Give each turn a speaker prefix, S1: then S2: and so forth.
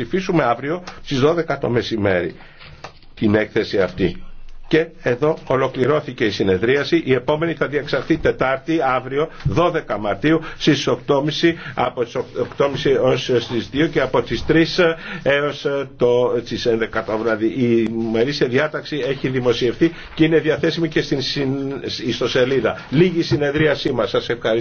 S1: ψηφίσουμε αύριο στις 12 το μεσημέρι την έκθεση αυτή. Και εδώ ολοκληρώθηκε η συνεδρίαση. Η επόμενη θα διαξαρθεί Τετάρτη, αύριο, 12 Μαρτίου, στις 8.30, από τις 8.30 έως στις 2 και από τις 3 έως το, τις 11 το βράδυ. Η μερίσια διάταξη έχει δημοσιευθεί και είναι διαθέσιμη και στην ιστοσελίδα. Λίγη συνεδρίασή μας. Σας ευχαριστώ.